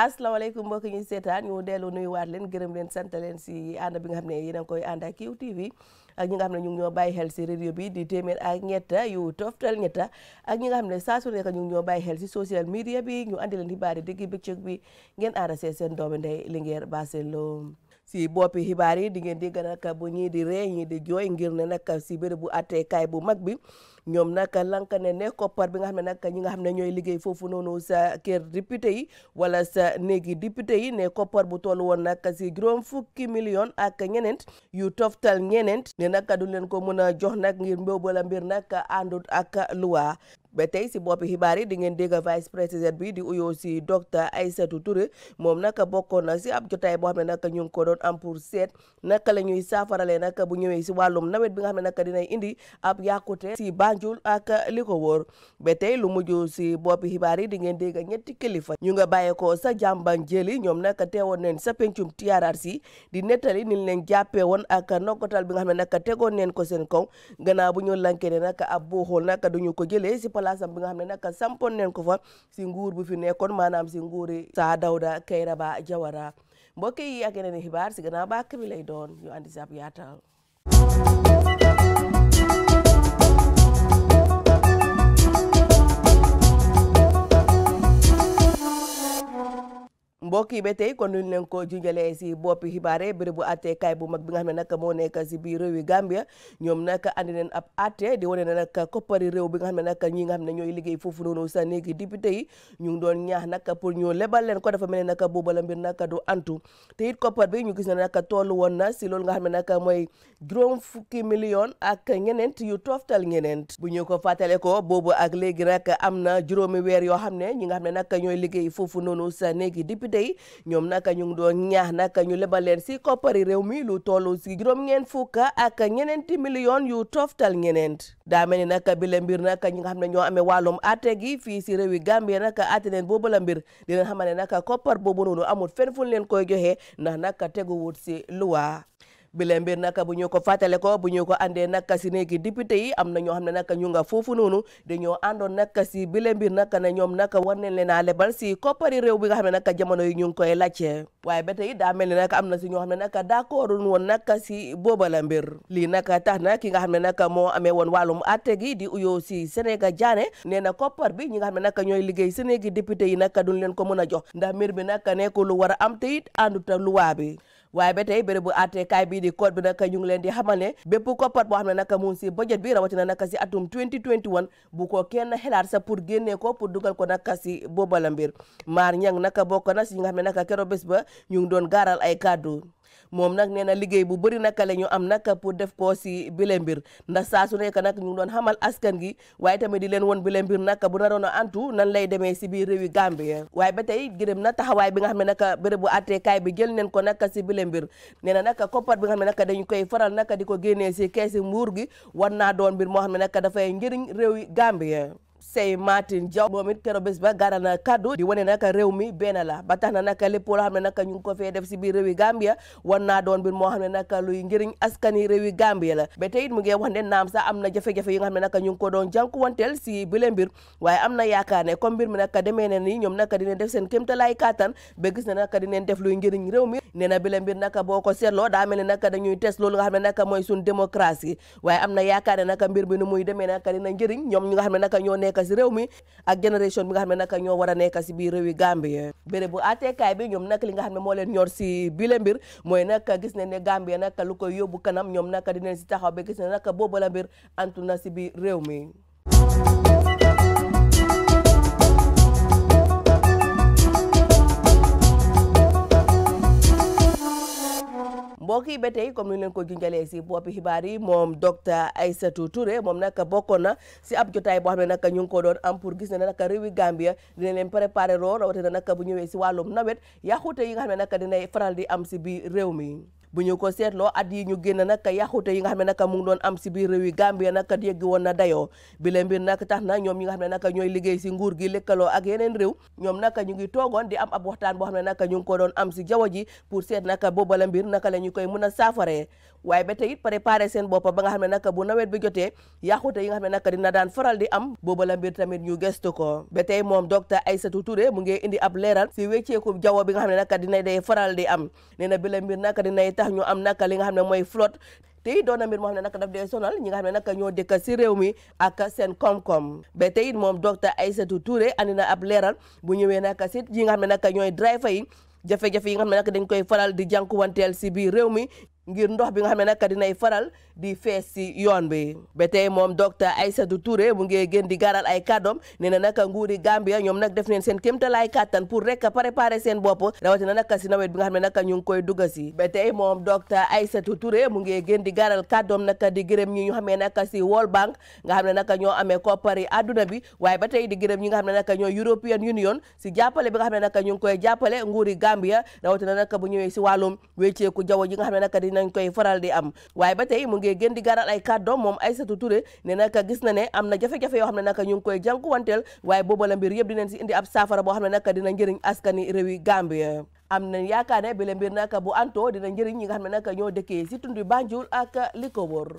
asalaamaaleykum mbokk ñu seetaan ñu dellu nuyuwaat leen gërëm leen sant leen si ànd bi nga xam ne yéen a ngi koy ànd ak QTV ak ñi nga xam ne ñu ñoo bàyyi xel si radio bi di téeméer ak ñetta yu toftal ñetta ak ñi nga xam ne saa su nekk ñu ñoo bàyyi xel si social media bi ñu andi leen xibaari dégg bëccëg bi ngeen aara see seen doomu ndey Linguère Baselom si boppi xibaar yi di ngeen di gën a bu ñii di ree ñii di jooy ngir ne nag si bérébu àtteekaay bu mag bi ñoom nag lank ne ne koppar bi nga xam ne nag ñi nga xam ne ñooy liggéey foofu noonu sa kër député yi wala sa néegi député yi ne koppar bu toll woon nag si juróom fukki million ak ñeneen yu toftal ñeneen ne nag du leen ko mën a jox nag ngir mbéw bala mbir nag àndut ak luwa ba tey si boppi xibaar yi di ngeen dégg vice président bi di uyoo si docteur Aïssatou Touré moom naka bokkoon na si ab jotaay boo xam ne naka ñu ngi ko doon am pour seet naka la ñuy saafaralee naka bu ñëwee si wàllum nawet bi nga xam ne naka dina indi ab yàqute si Banjul ak li ko wóor ba tey lu mujj si boppi xibaar yi di ngeen dégg ñetti kilifa ñu nga bàyyeekoo sa jàmban jëli ñoom naka teewoon neen sa pencum TRRC di nettali ni leen jàppee woon ak nokkatal bi nga xam ne naka tegoon neen ko seen kaw gannaaw bu ñu lankee ne naka ab booxool naka duñu ko jëlee si pala place am bi nga xam ne nag sampoon neen ko fa si nguur bu fi nekkoon maanaam si nguuri saa Dawda Kairaba Jawara mbokk yi ak yeneen i xibaar si gannaaw bàkk bi lay doon ñu andi si ab yaatal mbokk yi ba tey kon nuñ leen ko junjalee si boppi xibaare bérébu attekaay bu mag bi nga xam ne nag moo nekk si biir réewi Gambia ñoom nag andi neen ab atte di wane ne nag koppari réew bi nga xam ne nag ñi nga xam ne ñooy liggéey foofu noonu sa néegi député ñu ngi doon ñaax nag pour ñu lebal leen ko dafa mel ne nag booba la mbir nag du antu te ñu gis ne nag toll woon na si loolu nga xam ne nag mooy juróom fukki million ak ñeneent yu tooftal ñeneent bu ñu ko fàttale ko boobu ak léegi nag am na juróomi weer yoo xam ne ñi nga xam ne nag ñooy liggéey foofu noonu sa néegi député yi yi ñoom naka ñu ngi doon ñaax naka ñu lebal leen si koppari réew mi lu tollu si juróom-ñeent fukk ak ñeneenti million yu toftal ñeneent daa mel ni naka bi la mbir ñi nga xam ne ñoo amee wàllum atte gi fii si réew yi Gambie naka atte leen boobu la mbir di leen xamal ne naka koppar boobu noonu amul fenn fu leen koy joxe naka teguwut si luwa bile mbir nag bu ñu ko fàttale ko bu ñu ko àndee nag si néegi député yi am na ñoo xam ne nag ñu nga foofu noonu dañoo àndoon nag si bile mbir nag ne ñoom nag war nañ leen a lebal si koppari réew bi nga xam ne nag jamono yi ñu ngi koy laajte waaye ba tey daa mel ni nag am na si ñoo xam ne nag d'accord woon nag si booba la mbir lii nag tax na ki nga xam ne nag moo amee woon wàllum àtte gi di uyoo si Sénégal jaane nee na koppar bi ñi nga xam ne nag ñooy liggéey si néegi député yi nag duñ leen ko mën a jox ndax mbir bi nag nekkul lu war a am te it luwaa bi waaye ba tey bérébu àttekaay bii di code bi nag ñu ngi leen di xamal ne bépp koppat boo xam ne nag mu ngi si budget bi rawatina nag si atum 2021 bu ko kenn xelaat sa pour génnee ko pour dugal ko nag si boobala mbir maar ñang nag bokko na si ñi nga xam ne nag bés ba ñu ngi doon gaaral ay kàddu moom nag nee na liggéey bu bëri naka la ñu am nag pour def ko si bile mbir ndax saasu su nekk nag ñu ngi doon xamal askan gi waaye tamit di leen woon bile mbir nag bu naroon a antu nan lay demee si biir réewi Gambie waaye ba tey gërëm na taxawaay bi nga xam ne nag béréb bu àtteekaay bi jël neen ko nag si bile mbir nee na nag koppar bi nga xam ne nag dañu koy faral nag di ko génnee si keesi nguur gi war naa doon mbir moo xam ne nag dafay njëriñ réewi Gambie Sey Martin Diaw moom it keroog bés ba na kaddu di wane nag réew mi la ba tax na nag lépp loo xam ngi ko fee def si biir réewi Gambia war naa doon mbir moo xam ne nag luy njëriñ askani réewi la ba tey it na jafe-jafe yi xam ne ñu ngi ko doon jànkuwanteel si bile mbir waaye am na yaakaar ne comme mbir mi na ni ñoom nag dinañ def seen kéemtalaay kàttan ba gis ne nag def luy njëriñ mi nee na bile mbir boo ko seetloo daa mel ne nag dañuy test loolu nga xam ne nag mooy suñ démocratie waaye am na yaakaar ne nag mbir bi nu demee nag dina njëriñ ñoom ñi nga xam ne nekk si réew mi ak génération bi nga xam ne nag ñoo war a nekk si biir réewi Gambie béréb bu àtteekaay bi ñoom nag li nga xam ne moo leen ñor si bile mbir mooy nag gis nañ ne Gambie nag lu koy yóbbu kanam ñoom nag dinañ si taxaw ba gis ne nag boobu la mbir antu na si biir réew mi mbokk yi ba tey comme ni leen ko junjalee si boppi xibaar yi moom docteur Aïssatou Touré moom nag bokkoon na si ab jotaay boo xam ne nag ngi ko doon am pour gis ne nag réewi Gambia dina leen préparé loo rawatina nag bu ñëwee si wàllum nawet yàqute yi nga xam ne nag dinay faral di am si biir réew mi bu ñu ko seetloo at yi ñu génn nag yàqute yi nga xam ne nag mu ngi doon am si biir réew yi Gambia nag yegg woon na dayoo bi le mbir nag tax na ñoom ñi nga xam ne nag ñooy liggéey si nguur gi lëkkaloo ak yeneen réew ñoom nag ñu ngi toogoon di am ab waxtaan boo xam ne nag ñu ngi ko doon am si jaww ji pour seet nag booba la mbir naka la ñu koy mën a saafaree waaye ba tey it seen bopp ba nga xam ne naka bu nawet bi jotee yàqute yi nga xam ne naka dina daan faral di am booba la tamit ñu gëstu ko ba tey moom docteur Aïssatou Touré mu ngi indi ab leeral si wecceeku jaww bi nga xam ne naka dina day faral di am nee na bi la mbir naka tax ñu am naka li nga xam ne mooy flotte tey doon na ne naka daf dee sonal ñi nga xam ne naka ñoo dëkk si réew mi ak seen koom-koom tey it moom docteur Aïssatou Touré andi na ab leeral bu ñëwee naka si yi nga xam ne naka ñooy driver yi jafe-jafe yi nga xam ne naka dañ koy faral di jànkuwanteel si biir réew mi ngir ndox bi nga xam ne nag dinay faral di fees si yoon bi ba tey moom docteur Aïssatou Touré mu ngi gën di garal ay kàddoom nee na nag nguuri Gambia ñoom nag def neen seen kéemtalaay kàttan pour rek préparer seen bopp rawatina nag si nawet bi nga xam ne nag ñu ngi koy dugg si ba tey moom docteur Aïssatou Touré mu ngi gën di garal kàddoom nag di gërëm ñi ñu xam ne nag si World Bank nga xam ne nag ñoo amee koppari adduna bi waaye ba tey di gërëm ñi nga xam ne nag ñoo European Union si jàppale bi nga xam ne nag ñu ngi koy jàppale nguuri Gambia rawatina nag bu ñëwee si wàllum wécceeku jaww ji nga xam ne nag dinañ koy faral di am waaye ba tey mu ngi gën di garal ay kàddoom moom Aïssatou Touré ne naka gis na ne am na jafe-jafe yoo xam ne naka ñu ngi koy jànkuwanteel waaye booba la mbir yëpp dinañ si indi ab saafara boo xam ne naka dina njëriñ askani réewi Gambie am na yaakaar ne bile mbir naka bu antoo dina njëriñ ñi nga xam ne naka ñoo dëkkee si tund Banjul ak li ko wër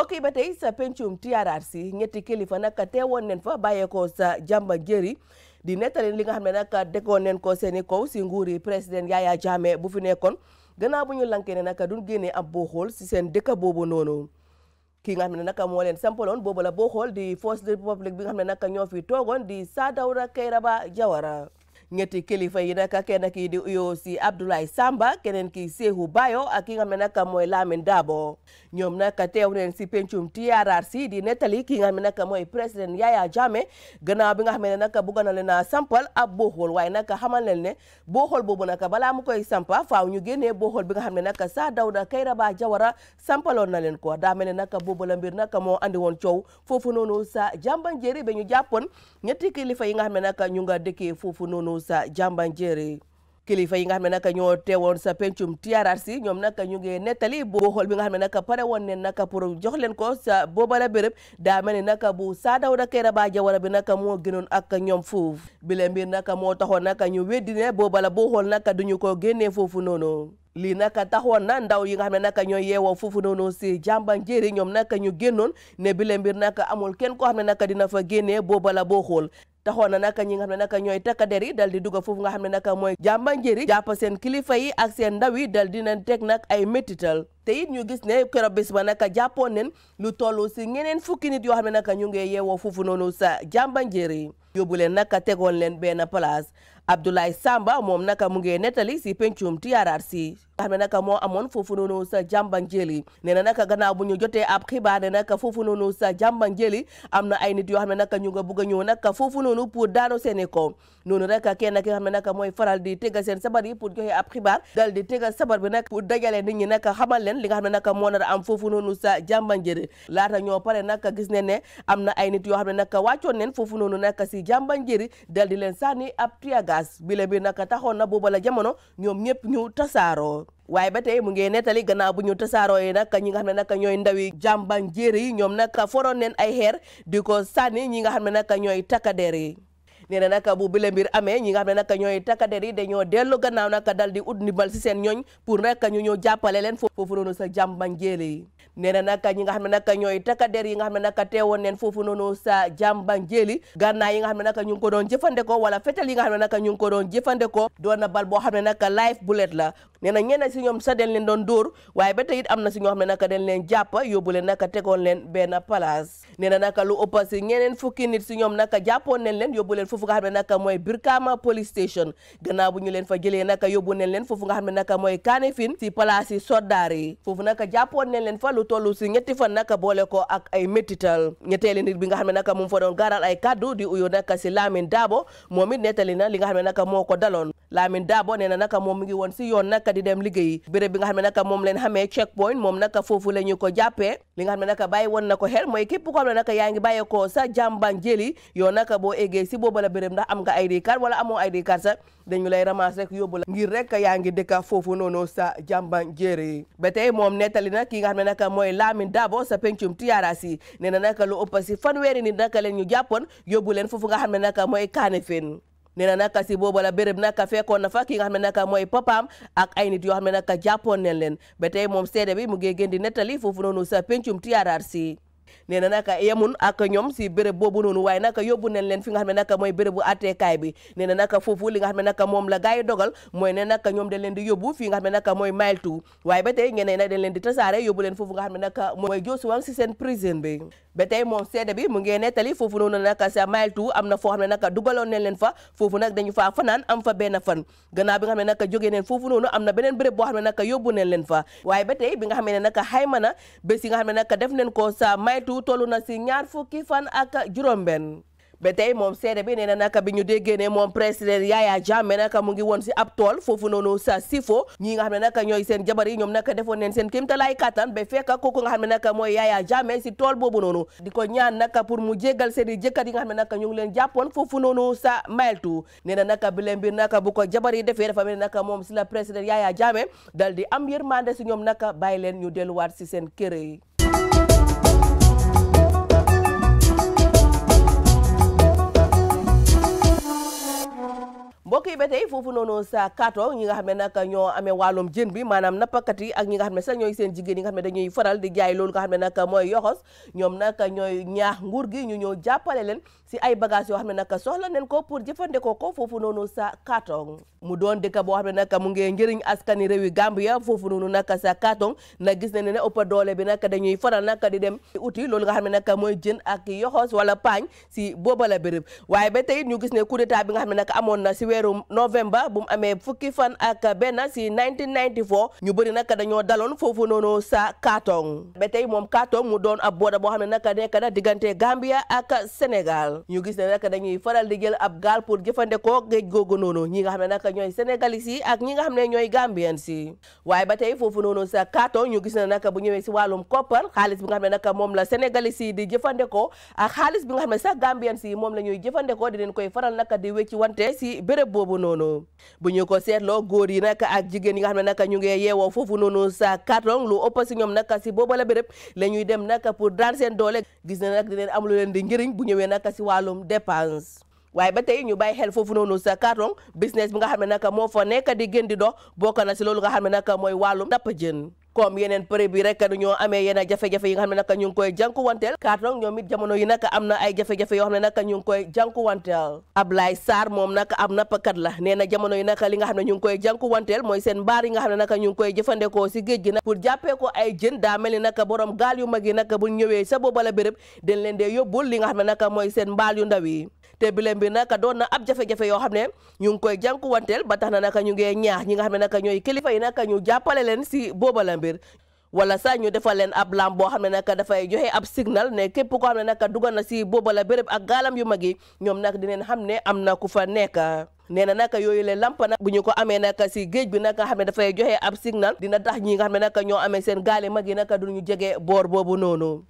mbokk yi ba tey sa pencum TRRC ñetti kilifa nag teewoon nen fa bàyyeekoo sa jàmba njëri di nettali li nga xam ne nag déggoon nen ko seen i kaw si nguuri président Yaya Jammeh bu fi nekkoon gannaaw bu ñu lankee ne nag duñ génnee ab booxool si seen dëkk boobu noonu. ki nga xam ne nag moo leen sampaloon boobu la booxool di force de république bi nga xam ne nag ñoo fi toogoon di Saa Dawda Kairaba Jawara ñetti kilifa yi nag kenn kii di uyoo si Abdoulaye Samba keneen kii Sehu Bayo ak ki nga xam ne nag mooy Lamine Dabo ñoom nag teew neen si pencum TRRC di nettali ki nga xam nag mooy président Yaya Jammeh gannaaw bi nga xam ne nag bëgg na leen a sampal ab booxool waaye nag xamal leen ne booxool boobu nag balaa mu koy sampa faaw ñu génnee booxool bi nga xam ne nag Sir Dawda Kairaba Jawara sampaloon na leen ko daa mel ne nag boobu la mbir nag moo andi woon coow foofu noonu sa jàmbanjeri ba ñu jàppoon ñetti kilifa yi nga xam ne nag ñu nga dëkkee foofu noonu yow sa jàmbanjeeri kilifa yi nga xam ne naka ñoo teewoon sa pencum TRRC ñoom naka ñu ngi nettali boo xool bi nga xam ne naka pare woon ne naka pour jox leen ko sa boobala béréb daa mel ni naka bu Saadawda Kairaba Jawara ba naka moo gënoon ak ñoom foofu bile mbir naka moo taxoon naka ñu weddi ne boobala boo xool naka duñu ko génnee foofu noonu lii naka taxoon na ndaw yi nga xam ne naka ñooy yeewoo foofu noonu si jàmbanjeeri ñoom naka ñu génnoon ne bile mbir naka amul kenn koo xam ne naka dina fa génnee boobala boo taxoon na naka ñi nga xam ne naka ñooy takkader deri dal di dugg foofu nga xam ne naka mooy jàmba njëri jàpp seen kilifa yi ak seen ndaw yi dal di leen teg nag ay métital te it ñu gis ne keroog bis ba naka jàppoon nen lu toll si ñeneen fukki nit yoo xam ne naka ñu ngi yeewoo foofu noonu sa jàmba njëri yóbbu leen naka tegoon leen benn place Abdoulaye Samba moom naka mu ngi nettali si pencum TRRC nga xam ne naka moo amoon foofu noonu sa jàmbanjëli nee na naka gannaaw bu ñu jotee ab xibaar ne naka foofu noonu sa jàmbanjëli am na ay nit yoo xam ne naka ñu nga bëgg a ñëw naka foofu noonu pour daano seeni ko noonu rek kenn ki naka mooy faral di tëgga seen sabar yi pour joxe ab xibaar dal di tëgga sabar bi nag pour dajale nit ñi naka xamal leen li nga xam ne naka moo nar a am foofu noonu sa jàmbanjëli laata ñoo pare naka gis ne ne am na ay nit yoo xam ne naka wàccoon neen foofu noonu naka si jàmbanjëri dal di leen sànni ab tiyaga oustaz bile bi naka taxoon na booba la jamono ñoom ñëpp ñu tasaaroo waaye ba tey mu ngi nettali gannaaw bu ñu tasaaroo yi nag ñi nga xam ne nag ñooy ndawi jàmban jéer yi ñoom nag foroon neen ay xeer di ko sànni ñi nga xam ne nag ñooy takkadeer yi nee na nag bu bile mbir amee ñi nga xam ne nag ñooy takkader yi dañoo dellu gannaaw nag dal di ut ndimbal si seen ñooñ pour nag ñu ñëw jàppale leen foofu noonu sa jàmbañ jéele yi nee na nag ñi nga xam ne nag ñooy takkader yi nga xam ne nag teewoon neen foofu noonu sa jàmbañ jéeli gànnaay yi nga xam ne nag ñu ngi ko doon jëfandikoo wala fetal yi nga xam ne nag ñu ngi ko doon jëfandikoo doon na bal boo xam ne nag live bullet la nee na ñenn si ñoom sa den leen doon dóor waaye ba tey it am na si ñoo xam ne naka den leen jàppa yóbbu leen naka tegoon leen benn place nee na naka lu ëpp si ñeneen fukki nit si ñoom naka jàppoon nañ leen yóbbu leen foofu nga xam ne naka mooy Brikama police station gannaaw bu ñu leen fa jëlee naka yóbbu nañ leen foofu nga xam ne naka mooy Kanifing si place yi soddaar yi foofu naka jàppoon nañ leen fa lu tollu si ñetti fan naka boole ko ak ay métital ñetteeli nit bi nga xam ne naka mu fa doon gaaral ay kaddu di uyo naka si Lamin Dabo nettali na li nga xam ne naka moo ko daloon Lamin Dabo nee na moom mi ngi woon si yoon naka naka di dem liggéeyi béréb bi nga xam ne naka moom leen xamee checkpoint moom naka foofu la ñu ko jàppee li nga xam ne naka bàyyi woon na ko xel mooy képp ko xam ne naka yaa ngi ko sa jàmban jëli yow boo eggee si booba la béréb ndax am nga ID card wala amoo ID card sax dañu lay ramas rek yóbbu la ngir rek yaa ngi dëkk foofu noonu sa jàmban jëri ba tey moom nettali na ki nga xam ne naka mooy Lamin Dabo sa pencum tiyaaraas yi nee na naka lu ëpp fan fanweeri ni naka leen ñu jàppoon yóbbu leen foofu nga xam ne naka mooy Kanifing nee na naka si boobala la béréb naka fekkoon na fa ki nga xam ne naka mooy papaam ak ay nit yoo xam ne naka jàppoon neen leen ba tey moom seede bi mu ngi gën di nettali foofu noonu sa pencum TRRC nee na naka yemun ak ñoom si béréb boobu noonu waaye naka yóbbu nañ leen fi nga xam ne naka mooy bérébu àtteekaay bi nee na naka fa waaye ba bi nga xam naka xayma na bés nga xam naka def nañ ko sa mile saytu toll na si ñaar fukki fan ak juróom-benn. ba tey moom seede bi nee na naka bi ñu déggee ne moom président Yaya Jammeh naka mu ngi woon si ab tool foofu noonu sa sifo ñi nga xam ne naka ñooy seen jabar yi ñoom naka defoon neen seen kéemtalaay kattan ba fekk kooku nga xam ne naka mooy Yaya Jammeh si tool boobu noonu di ko ñaan naka pour mu jégal seen i jëkkat yi nga xam ne naka ñu ngi leen jàppoon foofu noonu sa mayeltu nee na naka bi naka bu ko jabar yi defee dafa mel ne naka moom si la président Yaya Jammeh dal di am yërmande si ñoom naka bàyyi leen ñu delluwaat si seen kër yi mbokk yi ba foofu noonu sa kaato ñi nga xam ne nag ñoo amee jën bi maanaam nappkat yi ak ñi nga xam ne sax ñooy seen jigéen yi nga xam ne dañuy faral di jaay loolu nga xam ne nag ñoom nag ñooy ñaax nguur gi ñu ñëw jàppale leen si ay bagages yoo xam ne nag soxla nañ ko pour jëfandikoo ko foofu noonu sa kaato mu doon de boo xam ne nag mu ngi njëriñ askani réewi Gambia foofu noonu nag sa kaatong nag gis nañ ne ëpp doole bi nag dañuy faral nag di dem uti loolu nga xam ne nag mooy jën ak yoxos wala paañ si booba la béréb waaye ba tey ñu gis nga xam ne nag amoon na si weer weeru novembre bu mu amee fukki fan ak benn si 1994 ñu bëri nag dañoo daloon foofu noonu sa Katong ba tey moom Katong mu doon ab booda boo xam ne nag nekk na diggante Gambia ak Sénégal ñu gis ne nag dañuy faral di jël ab gaal pour jëfandikoo géej googu noonu ñi nga xam ne nag ñooy sénégalais yi ak ñi nga xam ne ñooy Gambien si waaye ba tey foofu noonu sa Katong ñu gis ne nag bu ñëwee si wàllum koppar xaalis bi ne nag moom la sénégalais yi di jëfandikoo ak xaalis bi nga xam ne sax Gambien si moom la ñuy jëfandikoo di leen koy faral nag boobu noonu bu ñu ko seetloo góor yi nag ak jigéen yi nga xam ne nag ñu ngi yewoo foofu noonu sa carton lu ëpp si ñoom nag si boobu la béréb la ñuy dem nag pour daan seen doole gis na nag dinañ am lu leen di njëriñ bu ñëwee nag si wàllum dépense. waaye ba tey ñu bàyyi xel foofu noonu sa carton business bi nga xam ne nag moo fa nekk di gën di dox na si loolu nga xam ne nag mooy wàllum napp jën. comme yeneen prix bi rek dañoo amee yenn jafe-jafe yi ñu ngi koy jànkuwanteel Kartong ñoom it jamono yi nag na ay jafe-jafe yoo xam ne nag ñu ngi koy jànkuwanteel Ablaye Sarr moom nag am nappkat la nee na jamono yi nag li nga xam ne ñu ngi koy jànkuwanteel mooy seen mbaar nga xam ne nag ñu ngi koy jëfandikoo si géej gi nag pour jàppee ko ay jën daa mel ni nag borom gaal yu mag yi nag bu ñëwee sa boobala béréb dañ leen dee yóbbul li nga xam ne nag mooy seen mbaal yu ndaw yi te bileen doon na ab jafe-jafe yoo xam ne ñu ngi koy jànkuwanteel ba tax na ñu ngee ñaax ñi nga xam ne nag ñooy kilifa yi nag ñu jàppale leen si boobala mbir wala sax ñu defal leen ab lam boo xam ne nag dafay joxe ab signal ne képp koo xam ne nag dugal na si boobala béréb ak gaalam yu mag yi ñoom nag dinañ xam ne am na ku fa nekk nee na yooyu le lampa na bu ñu ko amee nag si géej bi nag nga xam ne dafay joxe ab signal dina tax ñi nga xam ne nag ñoo amee seen gaale mag yi nag du ñu jege boor boobu noonu.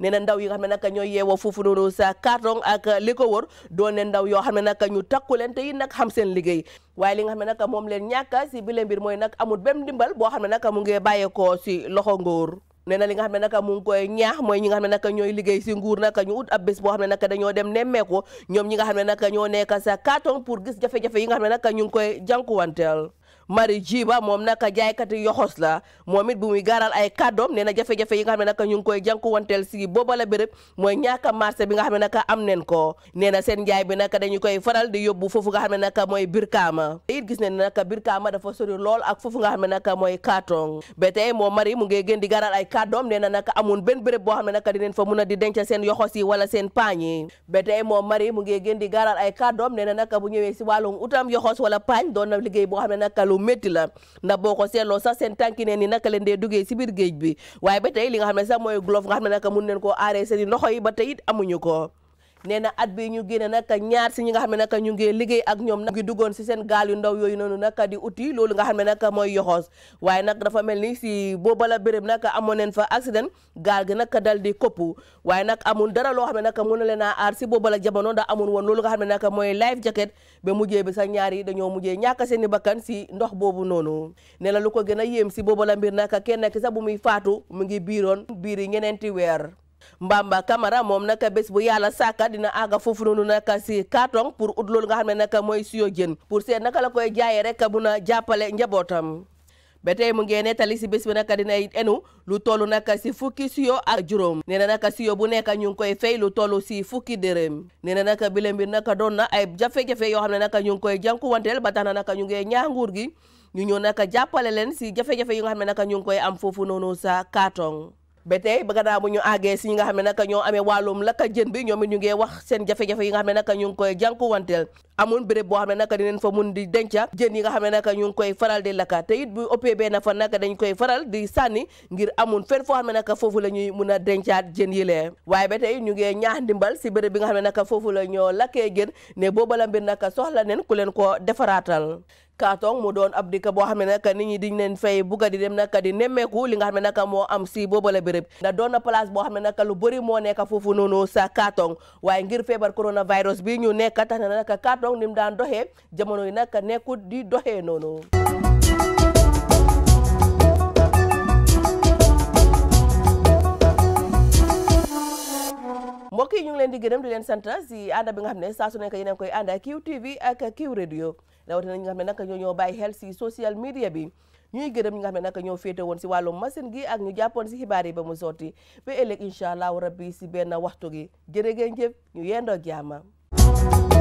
nee na ndaw yi nga xam ne nag ñooy yeewoo foofu noonu sa Kartong ak li ko wër doon ne ndaw yoo xam ne ñu takku leen te yi nag liggéey waaye li nga xam ne nag moom si boo xam ne nag mu ngi bàyyeekoo si loxo ngóor. nee na li nga xam ne naka mu ngi koy ñaax mooy naka ñooy liggéey si nguur naka ñu ut ab bés boo xam ne naka dañoo dem nemmeeku ñoom ñi nga naka ñoo nekk sa Kartong pour gis jafe-jafe yi nga naka ñu koy jànkuwanteel Mari Jiba moom naka jaaykati yoxos la moom it ay kàddoom nee na yi nga xam ne naka ñu ngi koy jànkuwanteel si booba la béréb mooy ñàkk marché bi nga xam ne naka am nen ko nee na seen njaay bi naka dañu koy faral di yóbbu foofu nga xam mooy Brikama it gis ne naka Brikama dafa sori lool ak foofu nga xam ne mooy Kartong ba tey moom Mari mu ngi gën di gaaral ay kàddoom nee na naka amul benn béréb boo xam ne naka dineen fa a di denc seen yoxos yi wala seen paañ yi ba tey moom Mari mu ngi gën di gaaral ay kàddoom nee na naka bu ñëwee si wàllum utam yoxos wala paañ doon na liggéey boo xam ne naka lu lu métti la ndax boo ko seetloo sax seen tànki neen ni naka leen dee duggee si biir géej bi waaye ba tey li nga xam ne sax mooy glof nga xam ne naka mun neen koo aaree seen i yi ba tey amuñu ko nee na at bi ñu génne nag ñaar si ñi nga xam ne nag ñu ngi liggéey ak ñoom nag ngi duggoon si seen gaal yu ndaw yooyu noonu nag di uti loolu nga xam ne nag mooy yoxoos waaye nag dafa mel ni si boobala béréb nag amoon neen fa accident gaal gi nag dal di koppu waaye nag amul dara loo xam ne nag mën na leen a aar si boobala jamono ndax amul woon loolu nga xam ne nag mooy life jacket ba mujjee bi sa ñaar yi dañoo mujjee ñàkk seen i bakkan si ndox boobu noonu ne la lu ko gën a yéem si boobala mbir nag kenn ki sa bu muy faatu mu ngi biiroon biiri ñeneenti weer Mbamba Camara moom naka bés bu yàlla sàkka dina àgga foofu noonu naka si carton pour ut nga xam ne naka mooy siyo jën pour seet naka la koy jaayee rek bu na jàppale njabootam ba tey mu ngee nettali si bés bi naka dina enu lu toll naka si fukki si siyo ak juróom nee na naka siyo bu nekk ñu ngi koy fay lu toll si fukki dërëm nee na naka bile mbir naka doon na ay jafe-jafe yoo xam ne naka ñu ngi koy jànkuwanteel ba tax na naka ñu ngee ñaax nguur gi ñu ñëw naka jàppale leen si jafe-jafe xam ne naka ñu ngi koy am foofu noonu sa carton ba tey ba gannaaw bu ñu àggee si ñi nga xam ne naka ñoo amee wàllum lakka jën bi ñoom ñu ngi wax seen jafe-jafe yi nga xam ne naka ñu ngi koy jànkuwanteel amul béréb boo xam ne naka dinañ fa mun di denca jën yi nga xam ne naka ñu ngi faral di lakka te it bu ëppee benn fa naka dañ koy faral di sànni ngir amun fenn foo xam ne naka foofu la ñuy mun a dencaat jën yi lee waaye ba tey ñu ngi ñaax ndimbal si béréb bi nga xam ne naka foofu la ñoo lakkee jën ne booba la mbir naka soxla neen ku leen ko defaraatal kaatong mu doon ab dikk boo xam ne nag nit ñi diñ leen fay bugga di dem nag di nemmeeku li nga xam ne nag moo am si boobale béréb ndax doon na place boo xam ne nag lu bëri moo nekk foofu noonu sa kaatong waaye ngir feebar coronavirus bi ñu nekk tax na nag kaatong ni mu daan doxee jamono yi nag nekkut di doxee noonu gërëm di leen sant si ànd bi nga xam ne saa su nekk yéen a koy ànd ak QTV ak Q Radio rawatina ñi nga xam ne nag ñoo ñoo bàyyi xel si social media bi ñuy gërëm ñi nga xam ne nag ñoo féete woon si wàllum machine gi ak ñu jàppoon si xibaar yi ba mu sotti ba ëllëg incha allah rabbi si benn waxtu gi jërë ngeen jëf ñu yendoo jaama